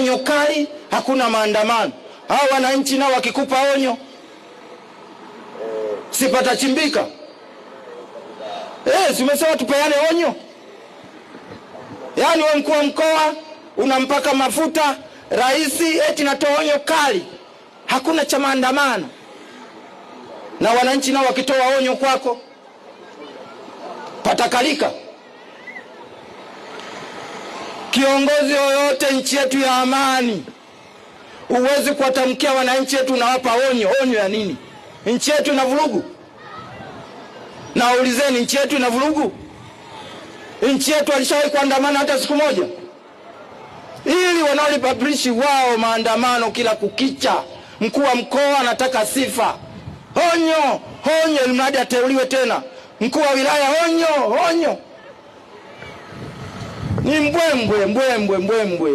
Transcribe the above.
onyo kali, hakuna maandamano. Hao wananchi nao wakikupa onyo sipatachimbika. Eh, simesema tupeane onyo. Yaani wewe mkuu wa mkoa unampaka mafuta rais, eti natoa onyo kali, hakuna cha maandamano, na wananchi nao wakitoa onyo kwako patakalika. Kiongozi yoyote nchi yetu ya amani, huwezi kuwatamkia wananchi wetu unawapa onyo. Onyo ya nini? Nchi yetu ina vurugu? Naulizeni, nchi yetu ina vurugu? Nchi yetu alishawahi kuandamana hata siku moja? Ili wanaolipabrishi wao maandamano kila kukicha, mkuu wa mkoa anataka sifa. Onyo, onyo, ili mradi ateuliwe tena. Mkuu wa wilaya, onyo, onyo ni mbwembwe mbwembwe mbwembwe.